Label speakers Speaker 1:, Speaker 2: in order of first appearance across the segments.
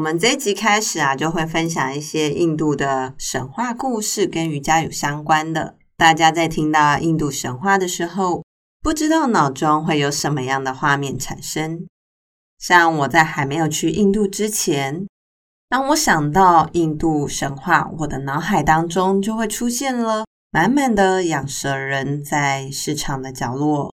Speaker 1: 我們這一集開始啊，就會分享一些印度的神話故事跟瑜伽有相關的。大家在聽到印度神話的時候，不知道腦中會有什麼樣的畫面產生？像我在還沒有去印度之前，當我想到印度神話，我的腦海當中就會出現了滿滿的養蛇人在市場的角落。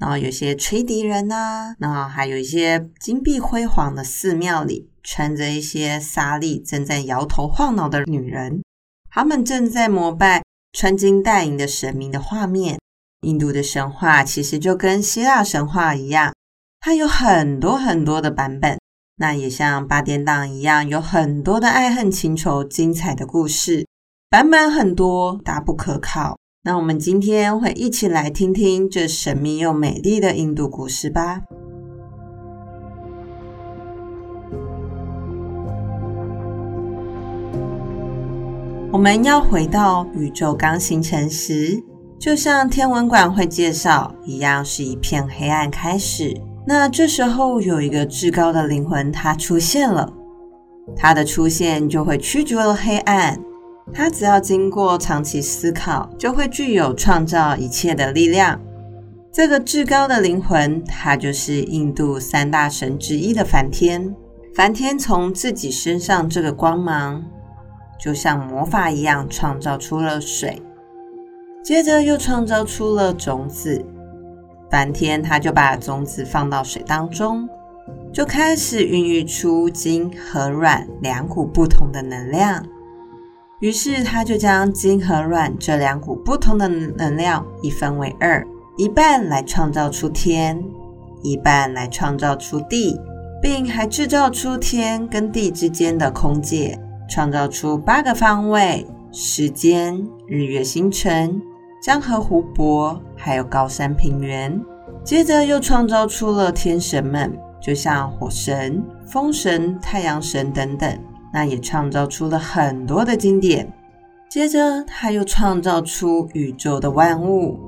Speaker 1: 然後有些吹笛人呢，啊，然後還有一些金碧輝煌的寺廟裡，穿着一些紗麗正在搖頭晃腦的女人，他們正在膜拜穿金戴銀的神明的畫面。印度的神話其實就跟希臘神話一樣，它有很多很多的版本，那也像八點檔一樣，有很多的愛恨情仇精彩的故事。版本很多，但不可靠。那我們今天會一起來聽聽這神秘又美麗的印度故事吧。我們要回到宇宙剛形成時，就像天文館會介紹一樣，是一片黑暗開始。那這時候有一個至高的靈魂，它出現了，它的出現就會驅逐了黑暗。他只要經過長期思考，就會具有創造一切的力量。這個至高的靈魂，他就是印度三大神之一的梵天。梵天從自己身上這個光芒，就像魔法一樣，創造出了水，接着又創造出了種子。梵天他就把種子放到水當中，就開始孕育出精和卵兩股不同的能量。於是，他就將金和軟這兩股不同的能量一分為二，一半來創造出天，一半來創造出地，並還制造出天跟地之間的空界，創造出八個方位、時間、日月星辰、江河湖泊，還有高山平原。接着又創造出了天神們，就像火神、風神、太陽神等等。那也創造出了很多的經典。接着，他又創造出宇宙的萬物，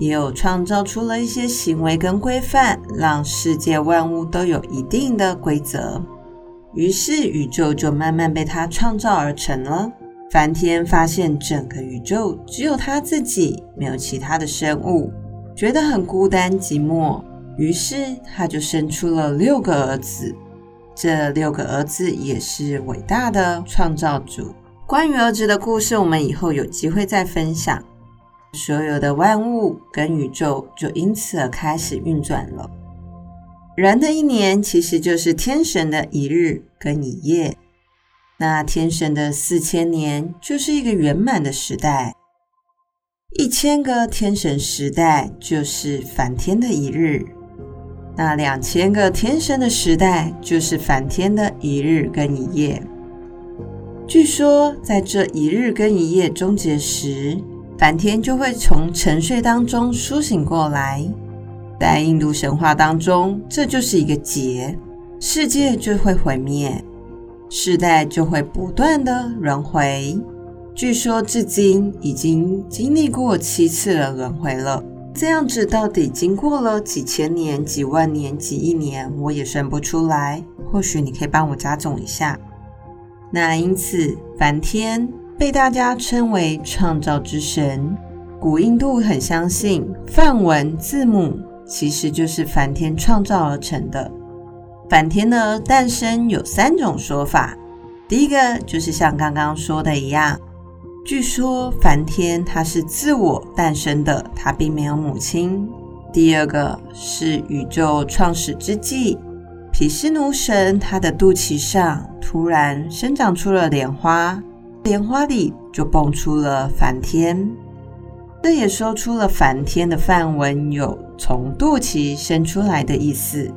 Speaker 1: 也有創造出了一些行為跟規範，讓世界萬物都有一定的規則。於是，宇宙就慢慢被他創造而成了。梵天發現整個宇宙只有他自己，沒有其他的生物，覺得很孤單寂寞，於是他就生出了六個兒子。這六個兒子也是偉大的創造主。關於兒子的故事，我們以後有機會再分享。所有的萬物跟宇宙就因此而開始運轉了。人的一年其實就是天神的一日跟一夜。那天神的四千年就是一個圓滿的時代。一千個天神時代就是梵天的一日。那兩千個天神的時代，就是梵天的一日跟一夜。據說，在這一日跟一夜終結時，梵天就會從沉睡當中甦醒過來。在印度神話當中，這就是一個劫，世界就會毀滅，世代就會不斷的輪迴。據說，至今已經經歷過七次的輪迴了。這樣子到底經過了幾千年、幾萬年、幾億年，我也算不出來。或許你可以幫我加總一下。那因此，梵天被大家稱為創造之神。古印度很相信梵文字母其實就是梵天創造而成的。梵天的誕生有三種說法，第一個就是像剛剛說的一樣。據說梵天他是自我誕生的，他並沒有母親。第二個是宇宙創始之際，毗濕奴神他的肚臍上突然生長出了蓮花，蓮花裡就蹦出了梵天。這也說出了梵天的梵文有從肚臍生出來的意思。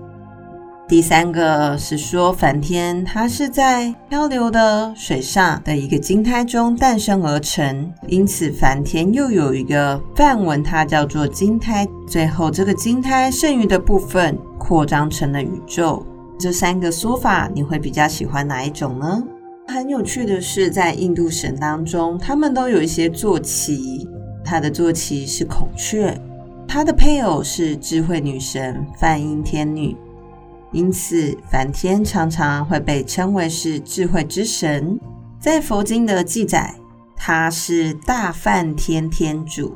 Speaker 1: 第三個是說梵天，它是在漂流的水上的一個金胎中誕生而成，因此梵天又有一個梵文，它叫做金胎。最後這個金胎剩餘的部分擴張成了宇宙。這三個說法，你會比較喜歡哪一種呢？很有趣的是，在印度神當中，他們都有一些坐騎，他的坐騎是孔雀，他的配偶是智慧女神梵音天女。因此，梵天常常會被稱為是智慧之神。在佛經的記載，他是大梵天天主，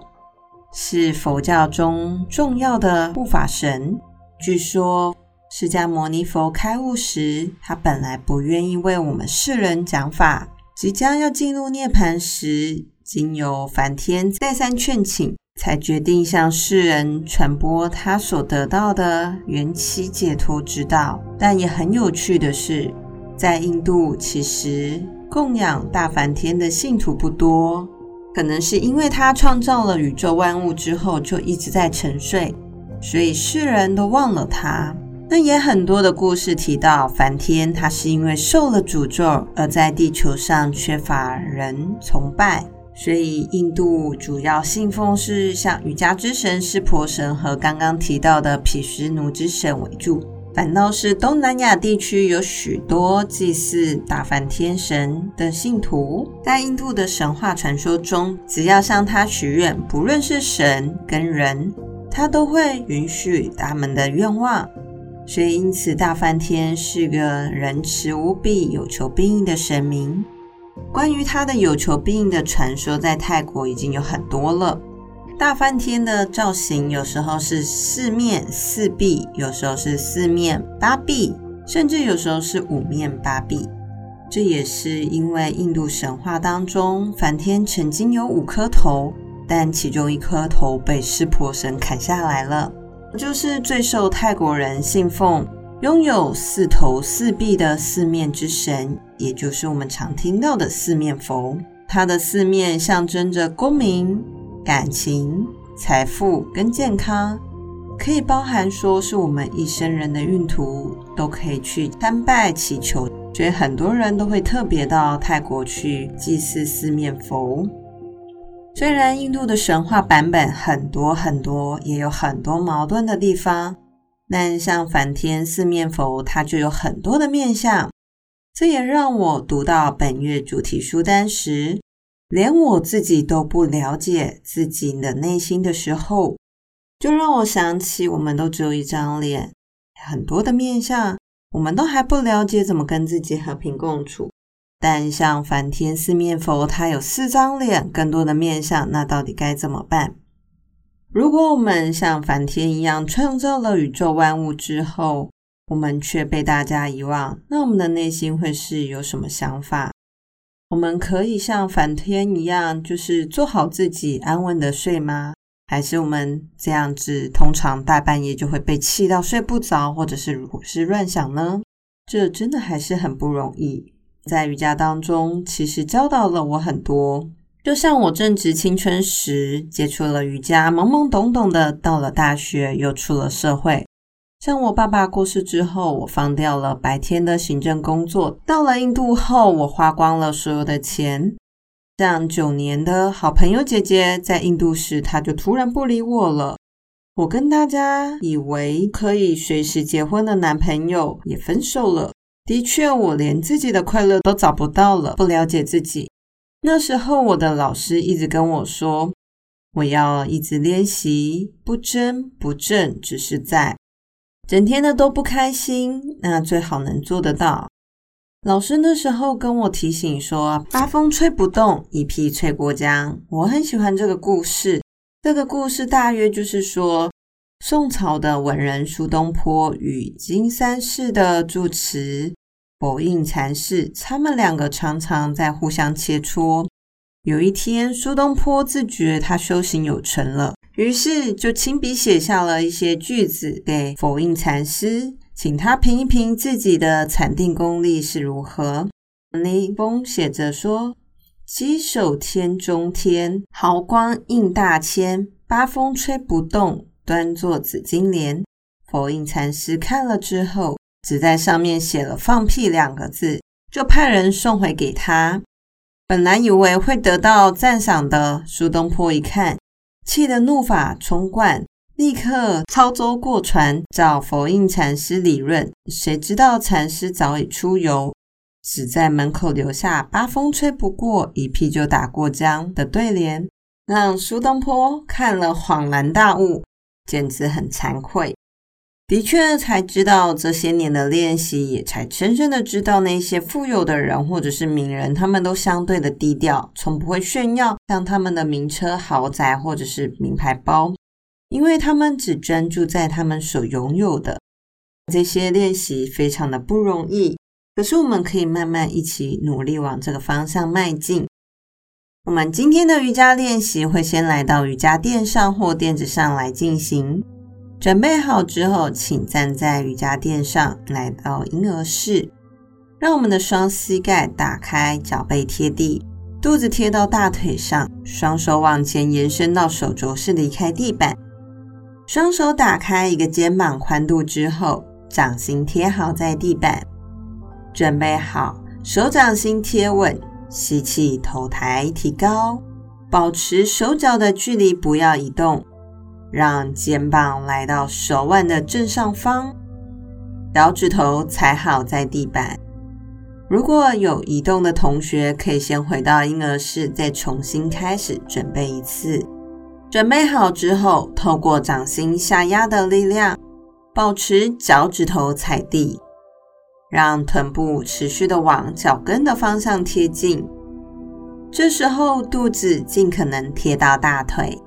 Speaker 1: 是佛教中重要的護法神。據說，釋迦牟尼佛開悟時，他本來不願意為我們世人講法，即將要進入涅槃時，經由梵天再三勸請。才決定向世人傳播他所得到的緣起解脫之道。但也很有趣的是，在印度，其實供養大梵天的信徒不多，可能是因為他創造了宇宙萬物之後就一直在沉睡，所以世人都忘了他。但也很多的故事提到，梵天他是因為受了詛咒，而在地球上缺乏人崇拜。所以，印度主要信奉是像瑜伽之神濕婆神和剛剛提到的毗濕奴之神為主，反倒是東南亞地區有許多祭祀大梵天神的信徒。在印度的神話傳說中，只要向他許願，不論是神跟人，他都會允許他們的願望。所以，因此大梵天是個仁慈無比、有求必應的神明。關於他的有求必應的傳說，在泰國已經有很多了。大梵天的造型有時候是四面四臂，有時候是四面八臂，甚至有時候是五面八臂。這也是因為印度神話當中，梵天曾經有五顆頭，但其中一顆頭被濕婆神砍下來了，就是最受泰國人信奉、擁有四頭四臂的四面之神。也就是我們常聽到的四面佛，它的四面象徵着功名、感情、財富跟健康，可以包含說是我們一生人的運途都可以去參拜祈求。所以很多人都會特別到泰國去祭祀四面佛。雖然印度的神話版本很多很多，也有很多矛盾的地方，但像梵天四面佛，它就有很多的面向。這也讓我讀到本月主題書單時，連我自己都不了解自己的內心的時候，就讓我想起，我們都只有一張臉，很多的面向，我們都還不了解怎麼跟自己和平共處。但像梵天四面佛，他有四張臉，更多的面向，那到底該怎麼辦如果我們像梵天一樣創造了宇宙萬物之後，我們卻被大家遺忘，那我們的內心會是有什麼想法？我們可以像梵天一樣，就是做好自己，安穩地睡嗎？還是我們這樣子，通常大半夜就會被氣到睡不着，或者是胡思亂想呢？這真的還是很不容易。在瑜伽當中，其實教導了我很多。就像我正值青春時接觸了瑜伽，懵懵懂懂的；到了大學，又出了社會。像我爸爸過世之後，我放掉了白天的行政工作。到了印度後，我花光了所有的錢。像九年的好朋友姐姐，在印度時，她就突然不理我了。我跟大家以為可以隨時結婚的男朋友也分手了。的確，我連自己的快樂都找不到了，不了解自己。那時候，我的老師一直跟我說，我要一直練習，不爭不正，只是在。整天的都不開心，那最好能做得到。老師那時候跟我提醒說：“八風吹不動，一屁吹過江。”我很喜歡這個故事。這個故事大約就是說，宋朝的文人蘇東坡與金山寺的住持佛印禪師，他們兩個常常在互相切磋。有一天，蘇東坡自覺他修行有成了。於是就親筆寫下了一些句子給佛印禪師，請他評一評自己的禪定功力是如何。李風寫着說：“稽首天中天，毫光映大千，八風吹不動，端坐紫金蓮。”佛印禪師看了之後，只在上面寫了“放屁”兩個字，就派人送回給他。本來以為會得到贊賞的蘇東坡一看。氣得怒髮衝冠，立刻操舟過船找佛印禪師理論。誰知道禪師早已出遊，只在門口留下“八風吹不過，一屁就打過江”的對聯，讓蘇東坡看了恍然大悟，簡直很慚愧。的確，才知道這些年的練習，也才深深的知道那些富有的人或者是名人，他們都相對的低調，從不會炫耀，像他們的名車、豪宅或者是名牌包，因為他們只專注在他們所擁有的。這些練習非常的不容易，可是我們可以慢慢一起努力往這個方向邁進。我們今天的瑜伽練習會先來到瑜伽墊上或墊子上來進行。準備好之後，請站在瑜伽墊上，來到嬰兒式，讓我們的雙膝蓋打開，腳背貼地，肚子貼到大腿上，雙手往前延伸到手肘是，離開地板。雙手打開一個肩膀寬度之後，掌心貼好在地板。準備好，手掌心貼穩，吸氣，頭抬，提高，保持手腳的距離，不要移動。讓肩膀來到手腕的正上方，腳趾頭踩好在地板。如果有移動的同學，可以先回到嬰兒式，再重新開始準備一次。準備好之後，透過掌心下壓的力量，保持腳趾頭踩地，讓臀部持續的往腳跟的方向貼近。這時候，肚子盡可能貼到大腿。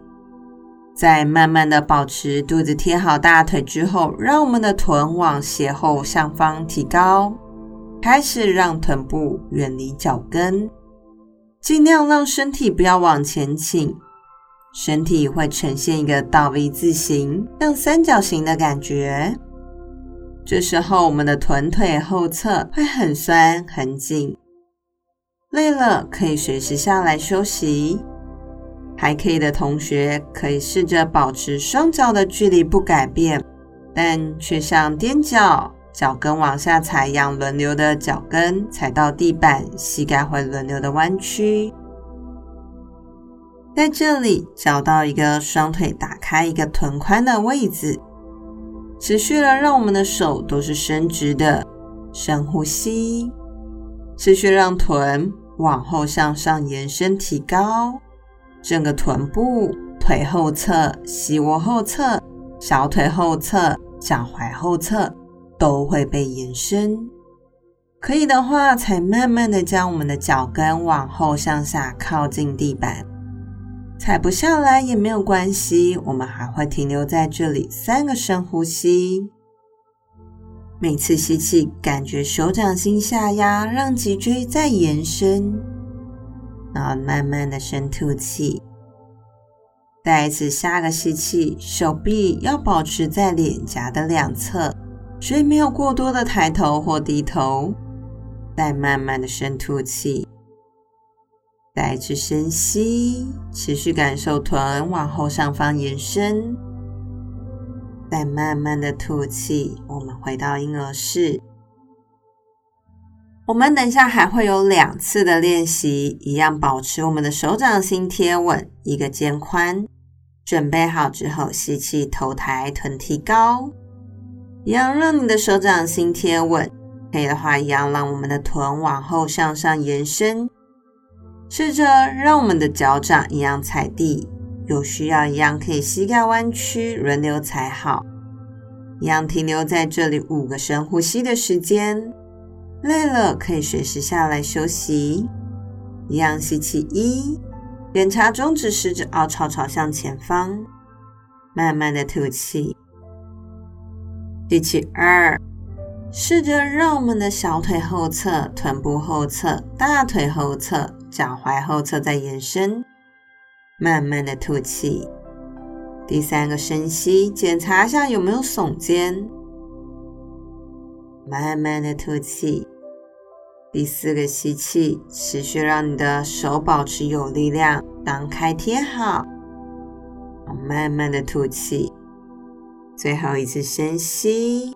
Speaker 1: 在慢慢的保持肚子貼好大腿之後，讓我們的臀往斜後上方提高，開始讓臀部遠離腳跟，儘量讓身體不要往前傾，身體會呈現一個倒 V 字形，像三角形的感覺。這時候我們的臀腿後側會很酸很緊，累了可以隨時下來休息。還可以的同學，可以試着保持雙腳的距離不改變，但卻像踮腳、腳跟往下踩一樣，輪流的腳跟踩到地板，膝蓋會輪流的彎曲。在這裡找到一個雙腿打開一個臀寬的位置，持續的讓我們的手都是伸直的，深呼吸，持續讓臀往後向上延伸，提高。整個臀部、腿後側、膝窩後側、小腿後側、腳踝後側都會被延伸。可以的話，才慢慢的將我們的腳跟往後向下靠近地板。踩不下來也沒有關係，我們還會停留在這裡三個深呼吸。每次吸氣，感覺手掌心下壓，讓脊椎再延伸。然後慢慢的深吐氣，再一次下個吸氣，手臂要保持在臉頰的兩側，所以沒有過多的抬頭或低頭。再慢慢的深吐氣，再一次深吸，持續感受臀往後上方延伸。再慢慢的吐氣，我們回到嬰兒式。我們等一下還會有兩次的練習，一樣保持我們的手掌心貼穩，一個肩寬。準備好之後，吸氣，頭抬，臀提高，一樣讓你的手掌心貼穩。可以的話，一樣讓我們的臀往後向上延伸，試着讓我們的腳掌一樣踩地。有需要一樣可以膝蓋彎曲，輪流踩好。一樣停留在這裡五個深呼吸的時間。累了可以隨時下來休息。一樣吸氣一，檢查中指、食指凹槽朝向前方，慢慢的吐氣。吸氣二，試着讓我們的小腿後側、臀部後側、大腿後側、腳踝後側在延伸。慢慢的吐氣。第三個深吸，檢查一下有沒有聳肩。慢慢的吐氣，第四個吸氣，持續讓你的手保持有力量，掌開貼好。慢慢的吐氣，最後一次深吸，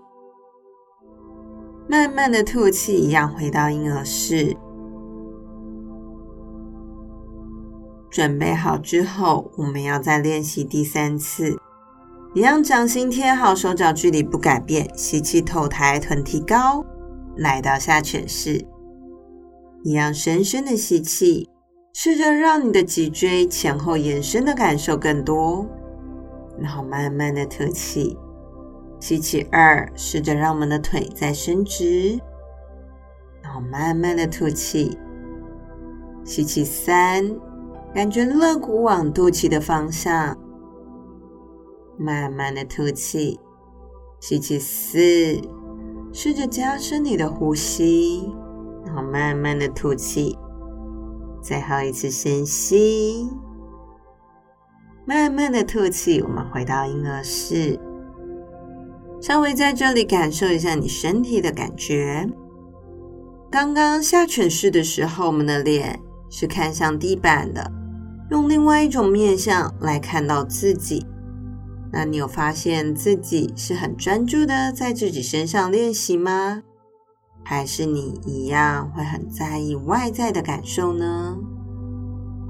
Speaker 1: 慢慢的吐氣，一樣回到嬰兒式。準備好之後，我們要再練習第三次。一樣掌心貼好，手腳距離不改變。吸氣，頭抬，臀提高，來到下犬式。一樣深深的吸氣，試着讓你的脊椎前後延伸的感受更多，然後慢慢的吐氣。吸氣二，試着讓我們的腿再伸直，然後慢慢的吐氣。吸氣三，感覺肋骨往肚臍的方向。慢慢的吐氣，吸氣四，試着加深你的呼吸，然後慢慢的吐氣，最後一次深吸，慢慢的吐氣。我們回到嬰兒式，稍微在這裡感受一下你身體的感覺。剛剛下犬式的時候，我們的臉是看向地板的，用另外一種面向來看到自己。那你有發現自己是很專注的在自己身上練習嗎？還是你一樣會很在意外在的感受呢？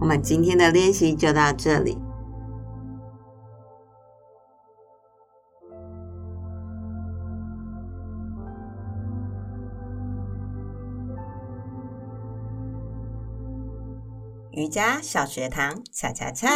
Speaker 1: 我們今天的練習就到這裡。瑜伽小學堂，恰恰恰。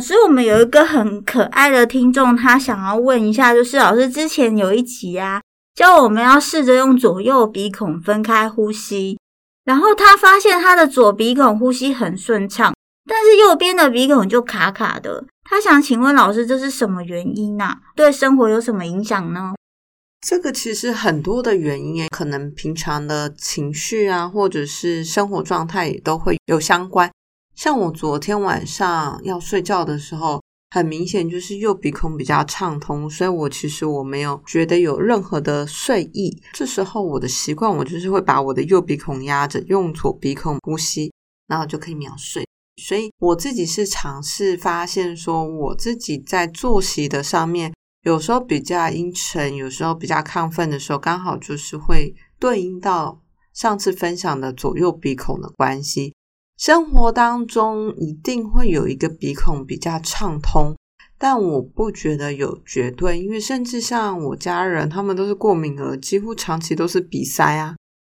Speaker 2: 所以我們有一個很可愛的聽眾，他想要問一下，就是老師之前有一集啊，教我們要試着用左右鼻孔分開呼吸，然後他發現他的左鼻孔呼吸很順暢，但是右邊的鼻孔就卡
Speaker 1: 卡的，
Speaker 2: 他想請問老師，這是什麼原因呢啊？對生活有什麼影響呢？
Speaker 1: 這個其實很多的原因，可能平常的情緒啊，或者是生活狀態也都會有相關。像我昨天晚上要睡覺的時候，很明顯就是右鼻孔比較暢通，所以我其實我沒有覺得有任何的睡意。這時候我的習慣，我就是會把我的右鼻孔壓着，用左鼻孔呼吸，然後就可以秒睡。所以我自己是嘗試發現說，說我自己在作息的上面，有時候比較陰沉，有時候比較亢奮的時候，剛好就是會對應到上次分享的左右鼻孔的關係。生活當中一定會有一個鼻孔比較暢通，但我不覺得有絕對，因為甚至像我家人，他們都是過敏兒，幾乎長期都是鼻塞啊，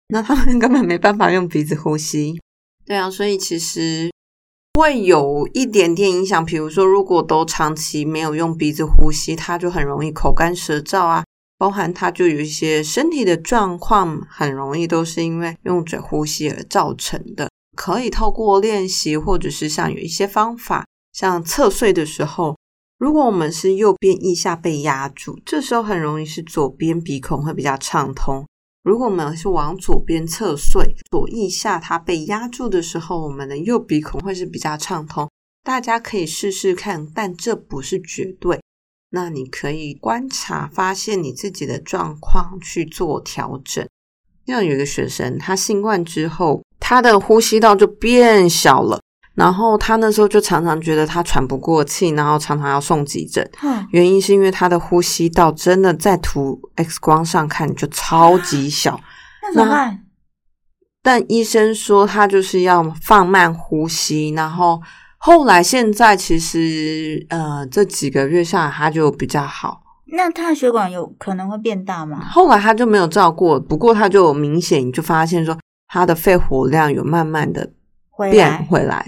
Speaker 1: 那他們根本沒辦法用鼻子呼吸。對啊，所以其實會有一點點影響。比如說，如果都長期沒有用鼻子呼吸，它就很容易口乾舌燥啊，包含它就有一些身體的狀況，很容易都是因為用嘴呼吸而造成的。可以透過練習，或者是像有一些方法，像側睡的時候，如果我們是右邊腋下被壓住，這時候很容易是左邊鼻孔會比較暢通。如果我們是往左邊側睡，左腋下它被壓住的時候，我們的右鼻孔會是比較暢通。大家可以試試看，但這不是絕對。那你可以觀察發現你自己的狀況去做調整。像有一個學生，他新冠之後。他的呼吸道就變小了，然後他那時候就常常覺得他喘不過氣，然後常常要送急診。嗯，原因是因為他的呼吸道真的在塗 X 光上看就超級小。啊、那怎麼辦？但醫生說他就是要放慢呼吸，然後後來現在其實呃這幾個月下來他就比較好。
Speaker 2: 那他的血管有可能會變大嗎？
Speaker 1: 後來他就沒有照過，不過他就明顯就發現說。他的肺活量有慢慢的變回來，回來，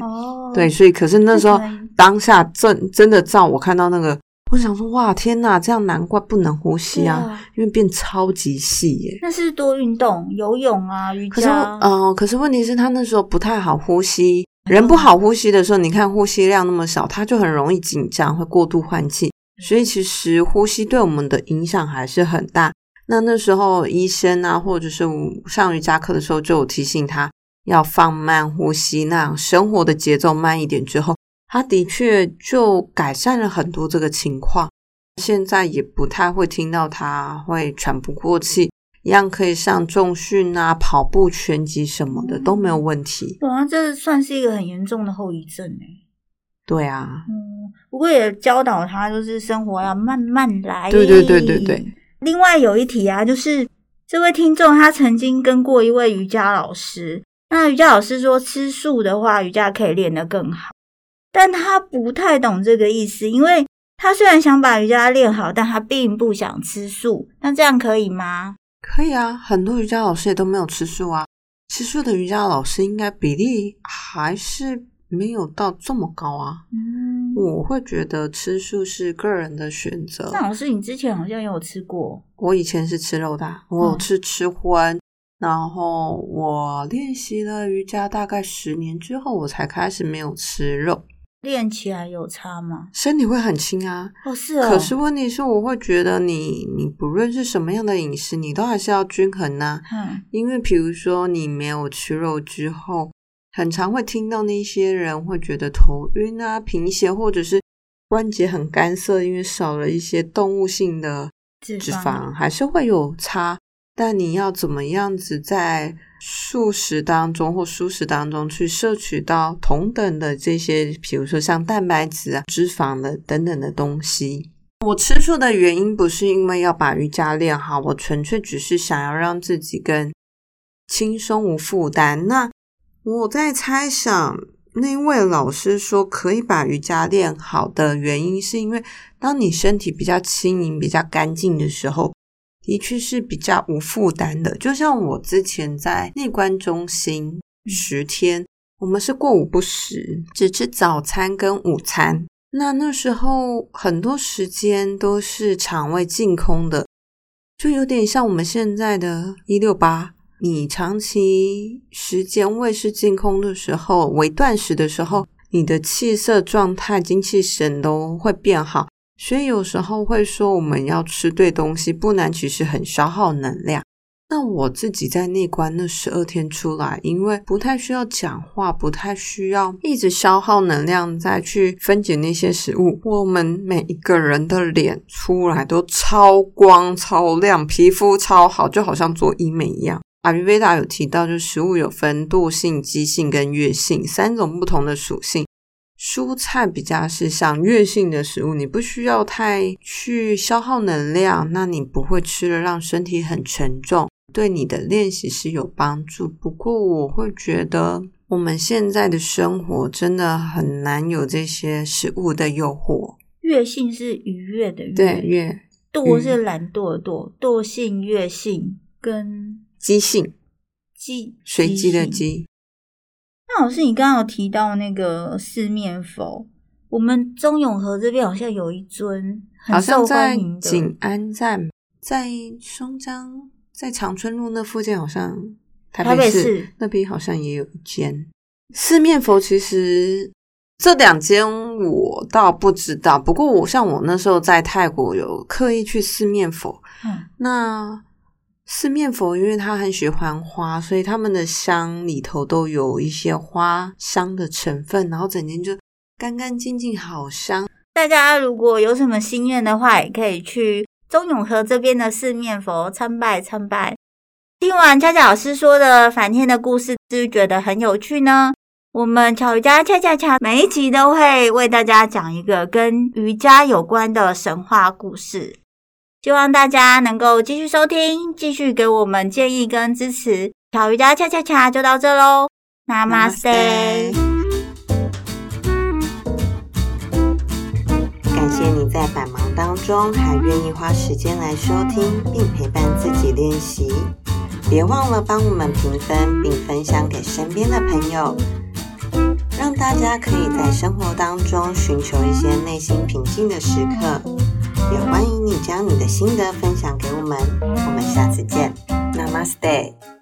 Speaker 1: 對，所以可是那時候當下正真的照我看到那個，我想說哇，天哪，這樣難怪不能呼吸啊，啊因為變超級細耶。
Speaker 2: 那是多運動，游泳啊，瑜伽、啊。可是，嗯、
Speaker 1: 呃，可是問題是，他那時候不太好呼吸。人不好呼吸的時候，你看呼吸量那麼少，他就很容易緊張，會過度換氣。所以其實呼吸對我們的影響還是很大。那那時候醫生啊，或者是上瑜伽課的時候，就有提醒他要放慢呼吸，那樣生活的節奏慢一點之後，他的確就改善了很多這個情況。現在也不太會聽到他會喘不過氣，一樣可以上重訓啊、跑步、拳擊什麼的、嗯、都沒有問題。
Speaker 2: 哇、嗯，這算是一個很嚴重的後遺症哎。
Speaker 1: 對啊，嗯，
Speaker 2: 不過也教導他就是生活要慢慢來。對對對對對，對。另外有一題啊，就是這位聽眾他曾經跟過一位瑜伽老師，那瑜伽老師說吃素的話，瑜伽可以練得更好，但他不太懂這個意思，因為他雖然想把瑜伽練好，但他並不想吃素，那這樣可以嗎？
Speaker 1: 可以啊，很多瑜伽老師也都沒有吃素啊，吃素的瑜伽老師應該比例還是。沒有到這麼高啊！嗯，我會覺得吃素是個人的選擇。鄭老師，你之前好像也有吃過。我以前是吃肉的，我有吃吃葷、嗯，然後我練習了瑜伽大概十年之後，我才開始沒有吃肉。練起來有差嗎？身體會很輕啊！
Speaker 2: 哦，是啊、哦、可是
Speaker 1: 問題是，我會覺得你，你不論是什麼樣的飲食，你都還是要均衡啊。嗯，因為比如說你沒有吃肉之後。很常會聽到那些人會覺得頭暈啊、貧血，或者是關節很乾澀，因為少了一些動物性的脂肪，脂肪還是會有差。但你要怎麼樣子在素食當中或蔬食當中去攝取到同等的這些，比如說像蛋白質啊、脂肪的等等的東西？我吃素的原因不是因為要把瑜伽練好，我純粹只是想要讓自己更輕鬆無負擔。那我在猜想，那位老師說可以把瑜伽練好的原因，是因為當你身體比較輕盈、比較乾淨的時候，的確是比較無負擔的。就像我之前在內觀中心十天，我們是過午不食，只吃早餐跟午餐。那那時候很多時間都是腸胃淨空的，就有點像我們現在的一六八。你長期時間胃是淨空的時候，微斷食的時候，你的氣色、狀態、精氣神都會變好。所以有時候會說，我們要吃對東西，不然，其實很消耗能量。那我自己在內觀那十二天出來，因為不太需要講話，不太需要一直消耗能量再去分解那些食物。我們每一個人的臉出來都超光、超亮，皮膚超好，就好像做醫美一樣。阿比偉有提到，就食物有分惰性、激性跟悅性三種不同的屬性。蔬菜比較是像悅性的食物，你不需要太去消耗能量，那你不會吃了讓身體很沉重，對你的練習是有幫助。不過我會覺得我們現在的生活真的很難有這些食物的誘惑。
Speaker 2: 悅性是愉悅的悅，對，悅，惰是懶惰的惰，惰性、悅性跟。機性，機
Speaker 1: 隨機的機。
Speaker 2: 那老師，你剛剛有提到那個四面佛，我們中永和這邊好像有一尊，好像在景安站，在
Speaker 1: 松江，在長春路那附近，好像台北市，台北市那邊好像也有一間四面佛。其實這兩間我倒不知道，不過我像我那時候在泰國有刻意去四面佛，嗯，那。四面佛，因為他很喜歡花，所以他們的香裡頭都有一些花香的成分，然後整天就乾干淨淨，好
Speaker 2: 香。大家如果有什麼心願的話，也可以去中永和這邊的四面佛參拜參拜。聽完恰恰老師說的梵天的故事，是不是覺得很有趣呢？我們巧瑜伽恰恰恰每一集都會為大家講一個跟瑜伽有關的神話故事。希望大家能夠繼續收聽，繼續給我們建議跟支持。巧瑜伽恰恰恰就到這嘍
Speaker 1: ，Namaste。感謝你在百忙當中還願意花時間來收聽，並陪伴自己練習。別忘了幫我們評分，並分享給身邊的朋友，讓大家可以在生活當中尋求一些內心平靜的時刻。也歡迎你將你的心得分享給我們，我們下次見。Namaste。